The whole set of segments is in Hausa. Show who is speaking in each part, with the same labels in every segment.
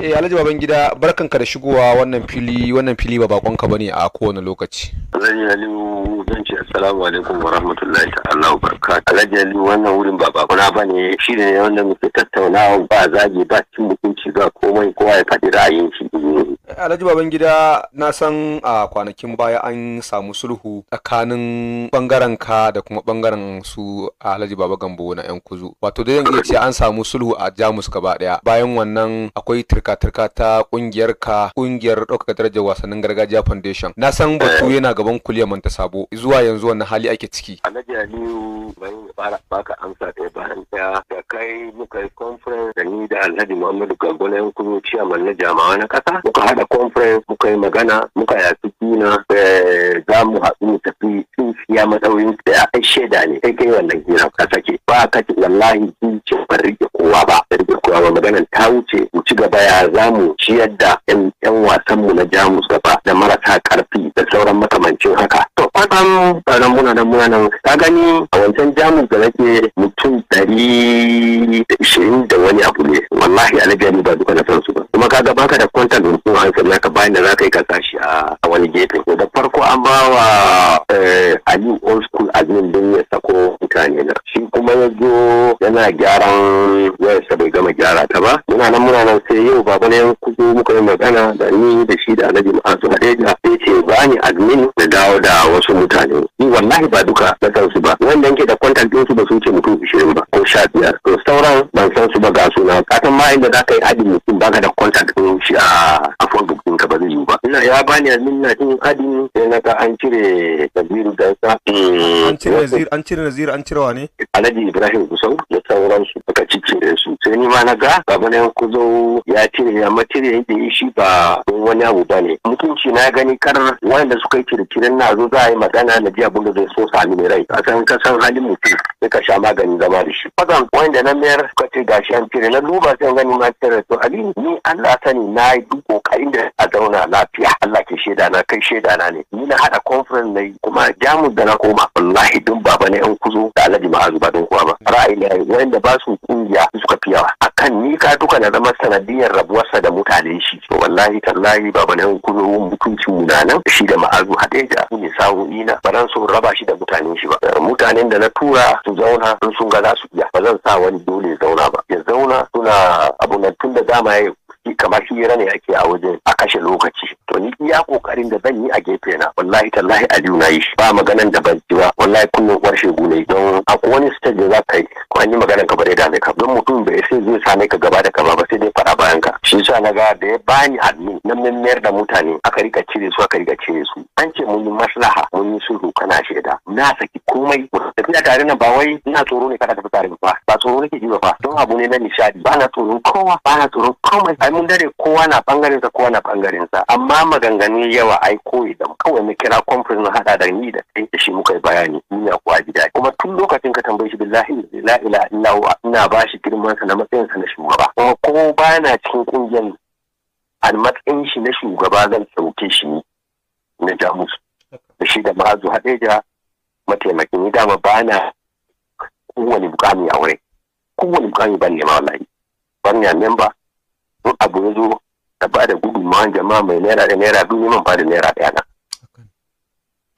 Speaker 1: eh alhaji baban gida ka da shigowa wannan fili wannan fili ba bakonka bane a kowane lokaci
Speaker 2: yi aliyu zan ce assalamu alaikum wa rahmatullahi ta'ala wa barakatuh alhaji wannan wurin ba bakona bane shi ne wanda muke tattaunawa ba zagi ba cin mutunci ba komai kowa ya faɗi ra'ayin shi eh,
Speaker 1: alhaji baban gida na san a kwanakin baya an samu sulhu tsakanin bangaren ka da kuma bangaren su alhaji baba gambo na yan kuzu wato dai zan iya ce an samu sulhu a jamus gaba daya bayan wannan akwai turka turka ta kungiyar ka kungiyar ɗaukaka darajar wasannin gargajiya foundation na san batu eh. yana gaban kuliyar manta sabo zuwa yanzu wannan hali ake ciki
Speaker 2: alhaji aliyu mai fara baka amsa ta bayan ta da kai muka yi conference da ni da alhaji muhammadu gagona yan kudu ciyaman na jama'a na kasa muka hada conference muka yi magana muka yasi kina eh, za mu haɗu mu tafi tsintsiya matsayin da ya kai shaida ne kai kai wannan hira ka sake ba ka wallahi tsinci ban rike kowa ba rike kowa ba maganan ta wuce mu ci gaba ya za mu ciyar da 'yan wasanmu na jamus gaba da marasa karfi da sauran makamancin haka to kwatsam tsaron muna da muna nan ta gani a wancan jamus da nake mutum ɗari da ishirin da wani abu ne wallahi alajami ba duka na san su ba kuma ka ga baka da kwantar da mutum hankali ka bayan da za ka yi ka tashi a wani gefe da farko an ba wa eh, aliyu old school azumin don ya sako mutane na shi kuma ya zo yana gyaran wayarsa bai gama gyara ta ba muna nan muna nan sai yau baba ne kuzo muka yi magana da ni da shi da alhaji ma'azu hadeja sai ce ba ni admin da dawo da wasu mutane ni wallahi ba duka na san su ba wanda yake da kwantar din su ba su ce mutum ishirin ba ko sha biyar to sauran ban san su ba ga suna katon ma inda za ka yi admin mutum ka da kwantar ɗin shi a a bukin ka ba zai yiwu ba ina ya bani admin na cin admin sai na ka an cire kabiru da an cire nazir
Speaker 1: an cire nazir an cirewa ne? Alhaji
Speaker 2: Ibrahim Gusau da sauransu suka da su. Sai ni ma na ga baba na kuzo ya cire ya matire da ya shi ba wani abu ba ne. Mutunci na gani kar wanda suka yi kirkirin na zo za a yi magana na biya abin da zai so sami mai rai. Kasan kasan halin mutum ka sha maganin zama da shi. Fakan wanda na mayar suka ce shi an cire na duba sai gani ma cire to Ali ni Allah sani na yi duk kokarin da a zauna lafiya. Allah ke shaida na kai shaida na ne. Ni na haɗa conference na yi kuma jamus da na koma. Wallahi dun baba ne an kuzo da Alhaji Ma'azu ba don kuwa ba ra'ayi ne wanda ba su kungiya suka fiyawa. yawa akan ni ka duka na zama sanadiyar rabuwarsa da mutane shi To wallahi tallahi baba nan kuzo mutuncin mu nan shi da Ma'azu haɗe da su ne sa'o'i na ba so raba shi da mutanen shi ba eh, mutanen da na tura su zauna sun sun ga za su iya ba zan sa wani dole zauna ba ya zauna suna abu tun da dama ya kamar hira ne ake a wajen a kashe lokaci to ni iya kokarin da zan yi a gefe na wallahi tallahi aliyu na yi ba maganan da ban ji ba wallahi kunnen uwar shegu ne don akwai wani stage da za ka yi ko an yi maganan ka bare da ka don mutum bai sai zai same ka gaba da gaba ba sai dai shi sa na ga da ya bani admin na mayar da mutane aka rika cire su aka rika cire su an ce mun yi maslaha mun yi sulhu kana shaida na saki komai tafiya tare na ba wai ina tsoro ne kada tafi tare ba ba tsoro nake ji ba don abu ne na nishadi ba na tsoron kowa ba na tsoron komai ai mun dare kowa na bangaren sa kowa na bangaren amma maganganun yawa ai koyi da kawai mu kira conference na hada da ni da kai da shi muka yi bayani ni na kuwa gida kuma tun lokacin ka tambaye shi billahi la ilaha illa ina ba shi sa na matsayinsa na shugaba kuma ko ba na cikin ƙungiyar a matsayin shi na shugaba zan ɗauke shi ne na jamus da shi da ma'azu hadeja mataimakin ni dama ba na kowane bukami a wurin kowane bukami ban nema wallahi ban ya memba in abu ya zo da ba da ma jama'a mai naira da naira biyu neman ba da naira ɗaya na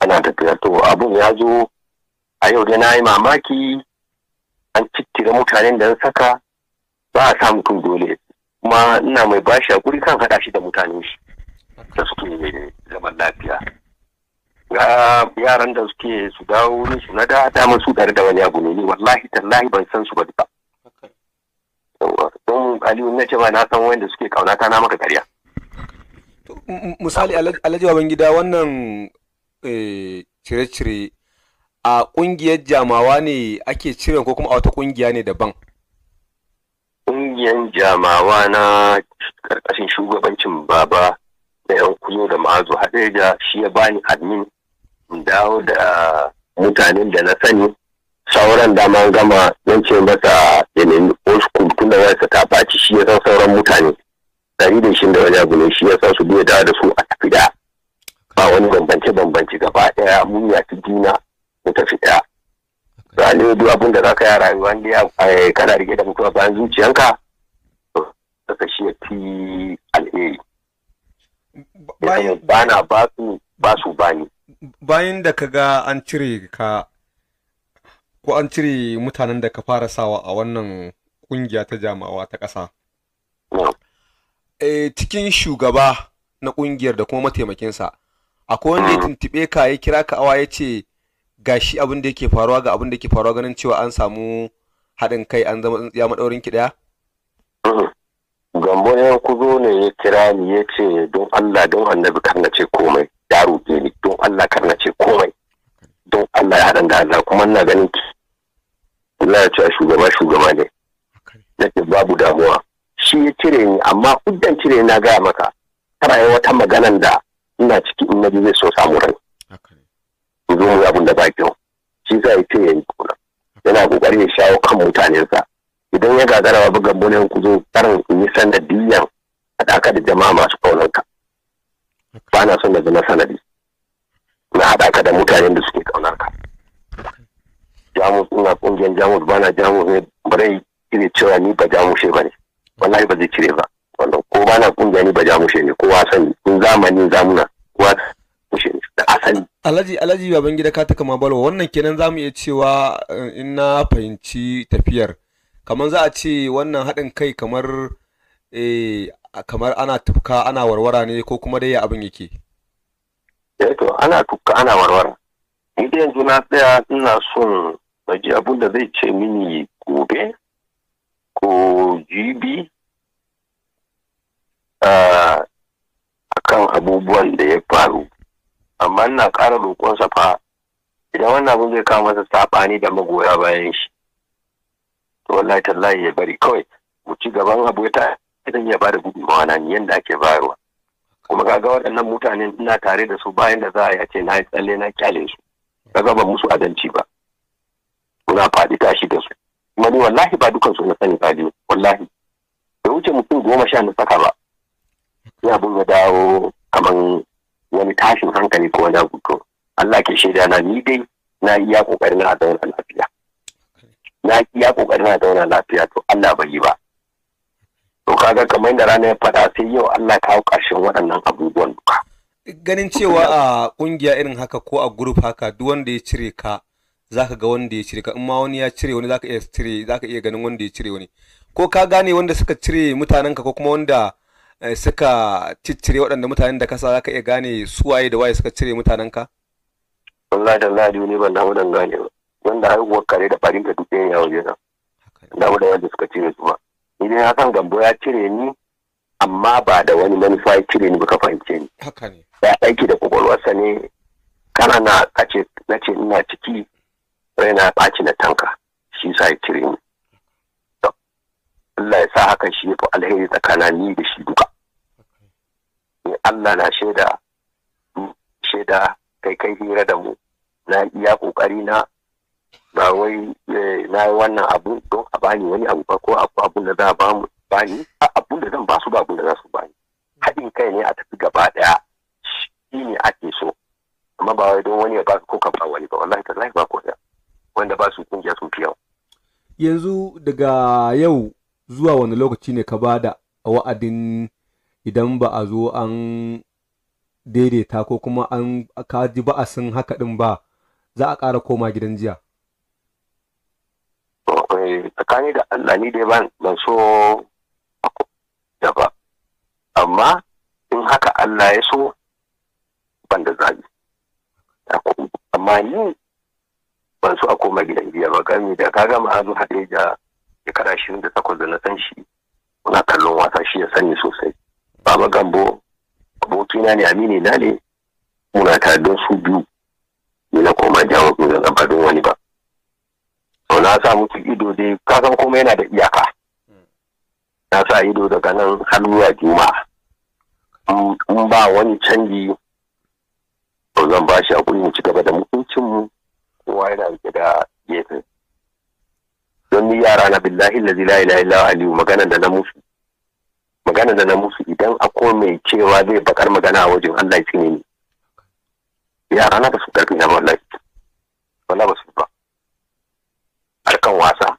Speaker 2: ana tafiya to abun ya zo a yau dai na yi mamaki an ci ki mutanen da saka ba a samu tun dole kuma ina mai bashi a guri kan haɗa shi da mutanen shi da suke zaman lafiya ga yaran da suke su dawo wurin su na da dama su tare da wani abu ne ni wallahi tallahi ban san su ba duka don aliyu na ce ba na san wanda suke ta na maka karya
Speaker 1: misali alhaji babangida wannan eh, cire-cire a ƙungiyar jamawa ne ake cire ko kuma a wata ƙungiya ne daban?
Speaker 2: Ƙungiyar jamawa na ƙarƙashin shugabancin baba da yan kuyo da ma'azu haɗeja shi ya bani admin dawo da mutanen da na sani sauran dama gama don ce masa yanayin old school tunda ta baci shi ya san sauran mutane dari da shi da wani abu ne shi ya san su biya da su a tafi da ba wani bambance bambance gaba ɗaya mun yafi juna muka fita ba ne duk abin da zaka yi a rayuwa ne eh, kana rike da mutuwa bayan zuciyanka ka shi fi alheri ba na ba su ba su bani
Speaker 1: bayan da ka ga an cire ka ko an cire mutanen da ka fara sawa a wannan kungiya ta jamawa ta ƙasa eh, cikin shugaba na kungiyar da kuma mataimakinsa akwai wanda ya mm. tuntuɓe ka ya kira ka awa ya ce ga shi abin da yake faruwa ga abin da yake faruwa ganin cewa an samu haɗin kai an zama ya maɗaurin ki ɗaya?
Speaker 2: Gambo ya kuzo ne ya kira ni ya ce don Allah don annabi karna ce komai ya roƙe ni don Allah karna ce komai don Allah ya haɗa da Allah kuma ina ganin ki. Allah ya ce shugaba shugaba ne. Na ce babu damuwa. Shi ya cire ni amma uddan cire na gaya maka. Kara wata maganan da ina ciki in na zai so samu rai. zo mu abin da ba kyau shi sa ya ce ya yi tukuna yana kokari ya shawo kan mutanensa idan ya gagara ba bugan bunan ku zo karin ku yi sanadiyyan haɗaka da jama'a masu kaunanka ba na son da zama sanadi na haɗaka da mutanen da suke kaunarka jamus ina kungiyar jamus ba na jamus ne ba zai cewa ni ba jamushe ba ne wallahi ba zai cire ba wannan ko ba na kungiya ni ba jamushe ne kowa sani in zamani zamuna kowa
Speaker 1: da asali alhaji alhaji baban gida ka taka mabalwa wannan kenan zamu iya cewa eh, in na fahimci tafiyar kamar za a ce wannan haɗin kai kamar eh kamar ana tufka ana warwara ne ko kuma dai abin yake
Speaker 2: eh to ana tufka ana warwara ni yanzu na tsaya ina son na ji abin da zai ce mini gobe ko jibi a ah, kan abubuwan da ya faru amma ina ƙara roƙonsa fa idan wannan abin zai kawo masa saɓani da magoya bayan shi to wallahi tallahi ya bari kawai mu ci gaban abu ta idan ya bada gudunmawa na ni yanda ake bayarwa kuma kaga waɗannan mutanen ina tare da su bayan da za a yace na yi tsalle na kyale su kaga ba musu adalci ba muna faɗi tashi da su kuma ni wallahi ba dukan su na sani ba ne wallahi bai wuce mutum goma sha na saka ba ya bin ya dawo kaman wani tashin hankali ko wani abu Allah ke shaida na ni dai na iya kokarin na zauna lafiya na iya kokarin na zauna lafiya to Allah bai yi ba to kaga kamar da rana ya faɗa sai yau Allah hau ƙarshen waɗannan abubuwan duka
Speaker 1: ganin cewa a kungiya irin haka ko a group haka duk wanda ya cire ka zaka ga wanda ya cire ka in ma wani ya cire wani zaka iya cire zaka iya ganin wanda ya cire wani ko ka gane wanda suka cire mutanen ka ko kuma wanda Eh, suka ciccire waɗanda mutanen da kasa zaka iya gane su waye da waye suka cire mutanen ka
Speaker 2: wallahi da ladi ne ban da gane ba wanda haihuwar kare da farin da dutse ya waje na da wadan wanda suka cire su ba ni dai gambo ya cire ni amma ba da wani manufa ya cire ni baka fahimce ni haka ne ya aiki da kwakwalwarsa ne kana na kace na ce ina ciki raina ɓaci na tanka shi sa ya cire ni Allah ya sa hakan shi ya fi alheri tsakanin ni da shi duka in Allah na shaida shaida kai kai hira da mu na iya kokari na ba wai eh, na yi wannan abu don a bani wani abu ba ko abu abun da za a bamu bani abun da zan ba su ba abun da za su bani haɗin kai ne a tafi gaba ɗaya shi ne ake so amma ba wai don wani ya ba ko ka ba wani ba wallahi lafi ba ko ya wanda ba su kungiya sun fi yawa
Speaker 1: yanzu daga yau zuwa wani lokaci ne ka ba da wa'adin idan ba a zo an daidaita ko kuma an kaji ba a sun haka din ba za a ƙara koma gidan jiya.
Speaker 2: Eh, tsakani da Allah ni dai ban so da ba amma in haka Allah ya so ban da zabi amma ni ban so a koma gidan jiya ba gami da ka ma'azu haɗe da shekara shirin da takwas da na san shi muna kallon wasa shi ya sani sosai baba gambo abokina ne amini na ne muna tare don su biyu ni na koma jawo ko zan ba don wani ba to na sa musu ido dai ka san kuma yana da iyaka na sa ido daga nan har zuwa juma'a in ba wani canji to zan ba shi hakuri mu ci gaba da mutuncin mu kowa yana rike da gefe don ni yara na billahi allazi la ilaha illa aliyu magana da na musu magana da na musu idan ako mai cewa zai bakar magana a wajen Allah ya tsine ni yara na ba su karfi na wallahi wallahi ba su ba harkan wasa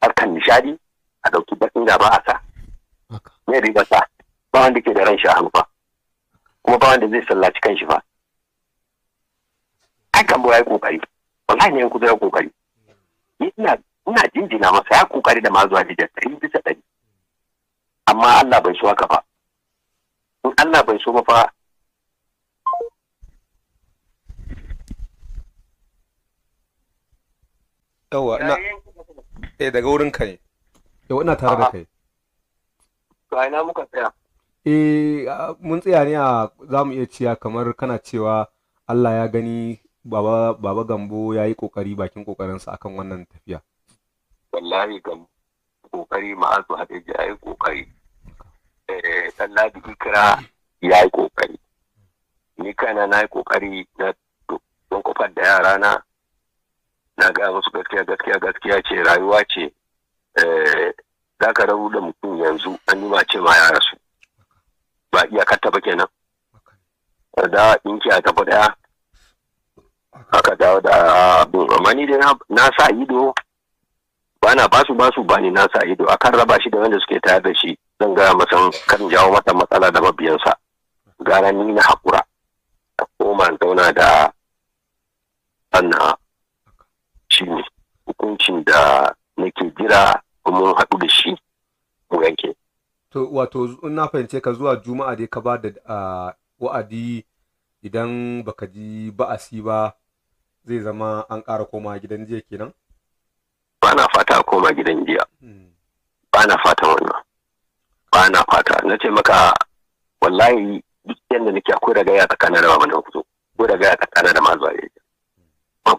Speaker 2: harkan nishadi a dauki bakin ba a sa me da sa ba wanda ke da ran shi a ba kuma ba wanda zai sallaci kan shi ba hakan ba ya kokari wallahi ne ku da kokari ni ina ina jinjina masa ya kokari da mazuwa da dari bisa ɗari. amma Allah bai so haka ba in Allah bai so ba fa
Speaker 1: yawa ina eh daga wurin kai yawa ina tare da kai to ina muka tsaya eh mun tsaya ne a za mu iya ciya kamar kana cewa Allah ya gani baba baba gambo ya yi kokari bakin sa akan wannan tafiya
Speaker 2: wallahi gambo kokari ma'azu hadeji ya yi kokari ɗanladi eh, ikira ya yi ƙoƙari ni kana na yi ƙoƙari na don kofar da yara na na gaya musu gaskiya gaskiya gaskiya ce rayuwa ce eh, za ka rabu da mutum yanzu an yi ce ma ya rasu ba iyakarta ba kenan da ɗinki a tafi ɗaya aka dawo da abin amma ni dai na sa ido ba na basu basu ba ni na sa ido akan raba shi da wanda suke tayar da shi zan gaya masan kan jawo mata matsala da mabiyansa gara ni na haƙura a koma zauna da ana shi ne hukuncin da nake jira kuma haɗu da shi mu
Speaker 1: yanke. To wato na fahimce ka zuwa juma'a dai ka ba da wa'adi idan baka ji ba'asi ba zai zama an ƙara koma gidan jiya kenan? Ba na fata koma gidan jiya. Hmm.
Speaker 2: Ba na fata wannan. ana fata na ce maka wallahi duk yadda nake akwai ragaya tsakanin da mamanin kuzo ko ragaya tsakanin da mazuwa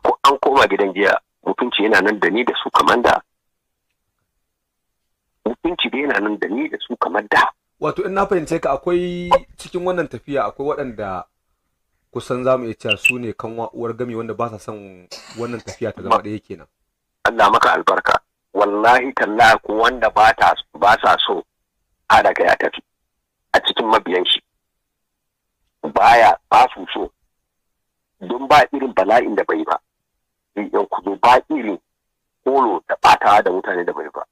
Speaker 2: ko an koma gidan jiya mutunci yana nan da ni da su kamar da
Speaker 1: mutunci da yana nan da ni da su kamar da wato in na fahimce ka akwai cikin wannan tafiya akwai waɗanda kusan za mu iya cewa su ne kan uwar gami wanda ba sa son wannan tafiya ta zama ɗaya kenan Allah maka albarka
Speaker 2: wallahi tallahi ko wanda ba ta ba sa so hada kai ya tafi a cikin mabiyan shi baya ba su so don ba irin bala'in da bai ba yan kuzo ba irin kolo da batawa da mutane da bai ba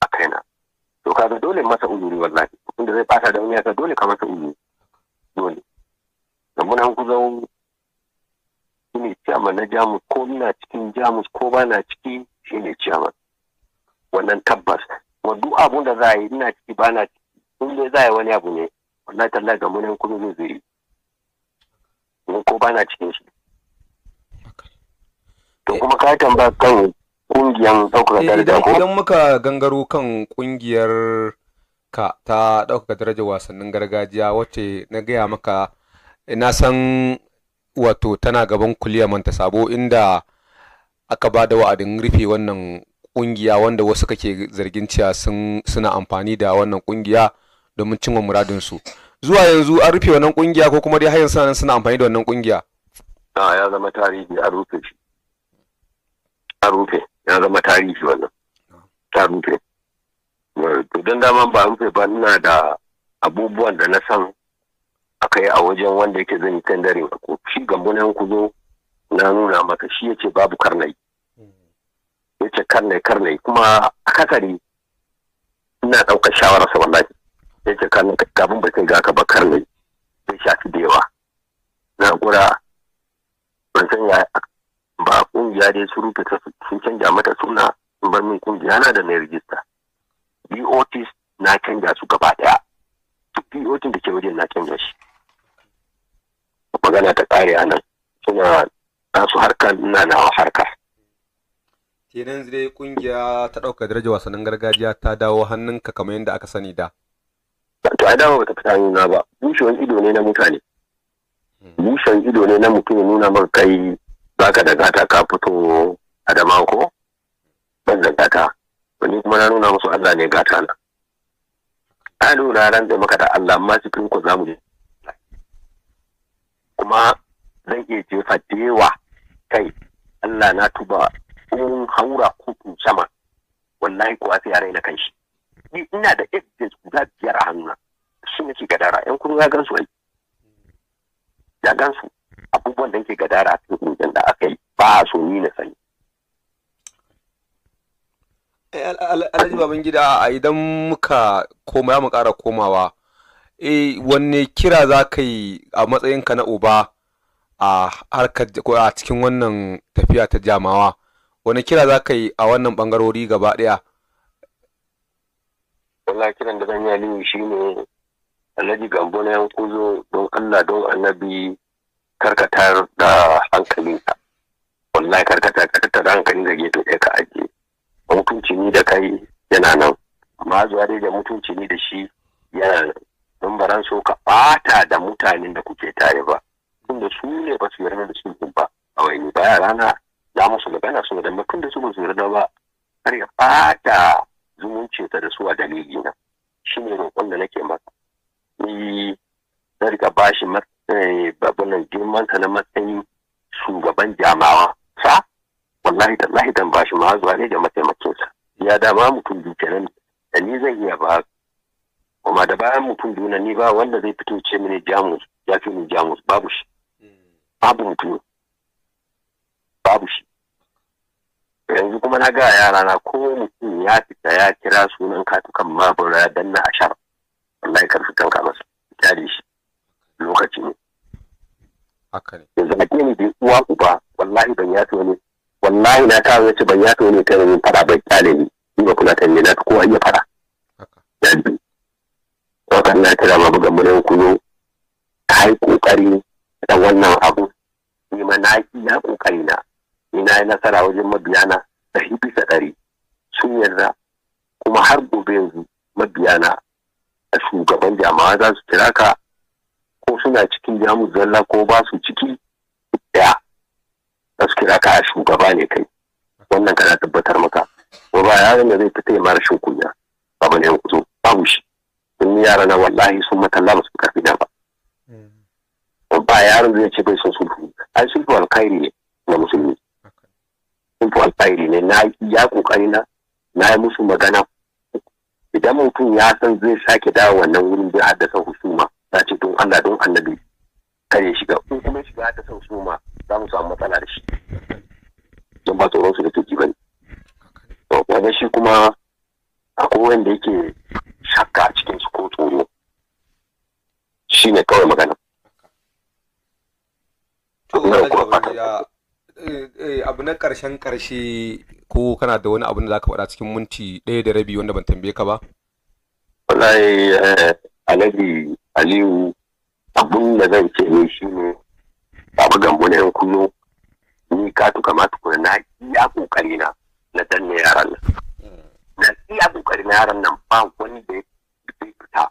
Speaker 2: a kaina to kaga dole masa uzuri wallahi inda zai bata da wani yasa dole ka masa uzuri dole da muna kuzo shine ciyama na jamus ko ina cikin jamus ko ba na ciki shine ciyama wannan tabbas wa duk abun da za a yi ina ciki ba na ciki in dai za a yi wani abu ne wannan tallahi ga munan kuma mun zuri yi ko ba na cikin shi to kuma ka tamba kan kungiyan ɗaukaka eh, daraja ko idan
Speaker 1: muka gangaro kan kungiyar ka ta ɗaukaka daraja wasannin gargajiya wacce na gaya maka eh, na san wato tana gaban kuliyar manta sabo inda aka ba da wa'adin rufe wannan kungiya wanda wasu kake zargin cewa suna amfani da wannan kungiya domin cimma muradinsu zuwa yanzu an rufe wannan kungiya ko kuma dai har yanzu nan suna amfani da wannan kungiya a ah, ya
Speaker 2: zama tarihi a rufe shi a rufe ya zama tarihi wannan ta rufe to don dama ba rufe ba ina da abubuwan da na san akai a wajen wanda yake zan yi tendering ko shi gambo na ku zo na nuna maka shi yace babu karnai yace karnai karnai kuma akasari ina ɗaukar sa wallahi yake kafin bakin ga ba kar ne bai shafi da yawa na kura ban san ya ba kungiya dai su rufe ta sun canja mata suna sun bar min kungiya na da na rijista BOTs na canja su gaba daya duk BOT da ke wajen na canja shi magana ta kare a nan suna
Speaker 1: nasu harkar na nawa harkar kenan zai kungiya ta ɗauka daraja wasannin gargajiya ta dawo hannunka kamar yadda aka sani da to ai dama bata fita
Speaker 2: nuna ba bushewan ido ne na mutane hmm. bushewan ido ne na mutum ya nuna maka kai baka da gata ka fito a dama ko ban da gata wani kuma na nuna musu Allah ne gata na a nuna ran da maka da Allah amma cikin ku zamu je kuma zan iya jefa da kai Allah na tuba in haura kutun sama wallahi ko a sai a raina kan shi biyu ina da evidence guda biyar a hannuna ne nake gadara yan kuma ya gan su ai ya gan su abubuwan da ke gadara a cikin kungiyar da aka yi ba a so ni na sani
Speaker 1: eh, alhaji baban gida idan muka koma ya mu kara komawa eh wanne kira za ka yi a matsayinka na uba a harkar a cikin wannan tafiya ta jamawa wani kira za ka yi a wannan bangarori gaba daya
Speaker 2: Allah kiran da zan yi Aliyu ne Alhaji Gambo na yankuzo don Allah don Annabi karkatar da hankalinka. Wallahi karkata karkata da hankalin da geto ɗaya ka ajiye. Mutunci ni da kai yana nan. Amma zuwa dai da mutunci ni da shi yana nan. Don baran so ka ɓata da mutanen da kuke tare ba. Tunda su ne ba su yarda da su ba. A wani baya rana za su magana su da mutum da su ba su yarda ba. Har ya ɓata zumunci ta da su a dalili na shi ne roƙon da nake masa ni na riga ba shi babunan eh, girman ta na matsayin shugaban jamawa sa wallahi lahi dan ba shi ma zuwa ne da sa ya dama mutum duke nan da ni zan iya ba kuma da bayan mutum duna ni ba wanda zai fito ce mini jamus ya fi ni jamus babu shi hmm. babu mutum babu shi yanzu kuma na ga yara na ko mutum ya fita ya kira sunan katukan mabura ya danna a shar wallahi karfi tanka masu kyale shi lokaci ne
Speaker 1: yanzu a kini bai uwa
Speaker 2: uba wallahi ban yato ne wallahi na ta zace ban yato ne kan yin fara ban kyale ni ni ba kula tanne na ko iya fara. haka bi na kira ma buga mun kuno ta yi kokari da wannan abu ni ma na yi na kokari na Ina yi nasara wajen mabiyana ɗari bisa ɗari sun yarda kuma har gobe yanzu mabiyana a shugaban jama'a za su kira ka ko suna cikin jamus zalla ko ba su ciki ɗaya za su kira ka a shugaba ne kai wannan kana tabbatar maka ko ba yaron da zai fita ya mara shin kunya babu ne ba babu shi sun yara na wallahi sun matalla ba su karfi na ba hmm. ba yaron zai ce bai son sulhu ai sulhu alkhairi ne na musulmi mutu alkhairi ne na ya kokari na na yi musu magana idan mutum ya san zai sake dawo wannan wurin zai haddasa husuma na ce don Allah don annabi kare shiga in kuma shiga haddasa husuma za mu samu matsala da shi don ba tsoron su da tuki bane to kuma shi kuma akwai wanda yake shakka a cikin su ko tsoro
Speaker 1: shi kawai magana. Eh, eh, abu na ƙarshen ƙarshe ko kana da wani abu da zaka faɗa cikin minti ɗaya da rabi wanda ban tambaye ka ba wallahi eh, alhaji
Speaker 2: aliyu abun da zan ce ne shi ne abu gambo na yan kullum ni ka tuka ma tukuna na iya kokari na na danne yaran nan na iya kokari na yaran nan ba wani da ya fita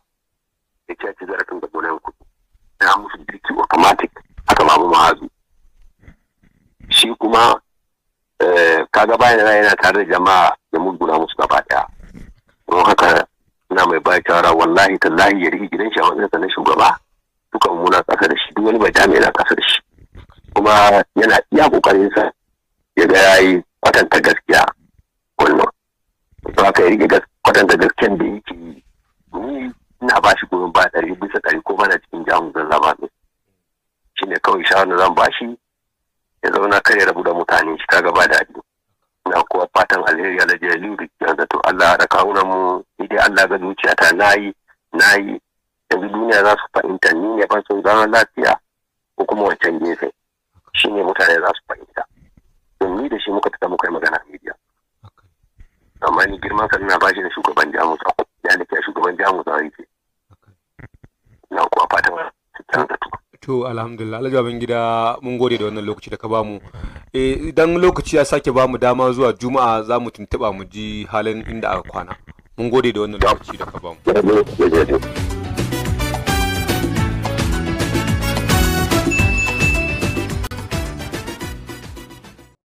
Speaker 2: ya ce ci zarafin da gonan kudu na musu dirki automatic haka ma mu ma'azu shi kuma eh, kaga bayan da yana tare da jama'a da muguna musu gaba daya don haka ina mai ba shawara wallahi tallahi ya rike gidan shi a na shugaba duka muna kasa da shi duk wani bai dame yana kasa da shi kuma yana iya kokarin sa ya ga yayi kwatanta gaskiya kullum don haka ya rike kwatanta gaskiyan da yake yi ina ba shi goyon ba ɗari bisa ɗari ko na cikin jamus zan zama ne shine kawai shawarar zan ba shi ya zauna kar ya rabu da mutane shi kaga ba daɗi na kuwa fatan alheri alhaji aliyu da to Allah da kawunan mu dai Allah ga zuciya ta nayi nayi yanzu duniya za su fahimta ni ne ban son zama lafiya ko kuma wancan gefe shi ne mutane za su fahimta don ni da shi muka fita muka yi magana media amma ni girman sa na bashi da shugaban jamus ya nake shugaban jamus a yake
Speaker 1: na kuwa fatan su canza tuka to alhamdulillah alhaji gida mun gode da wannan lokaci da ka bamu eh, idan lokaci ya sake bamu dama zuwa juma'a za mu tuntuba mu ji halin inda aka kwana mun gode da wannan lokaci da ka bamu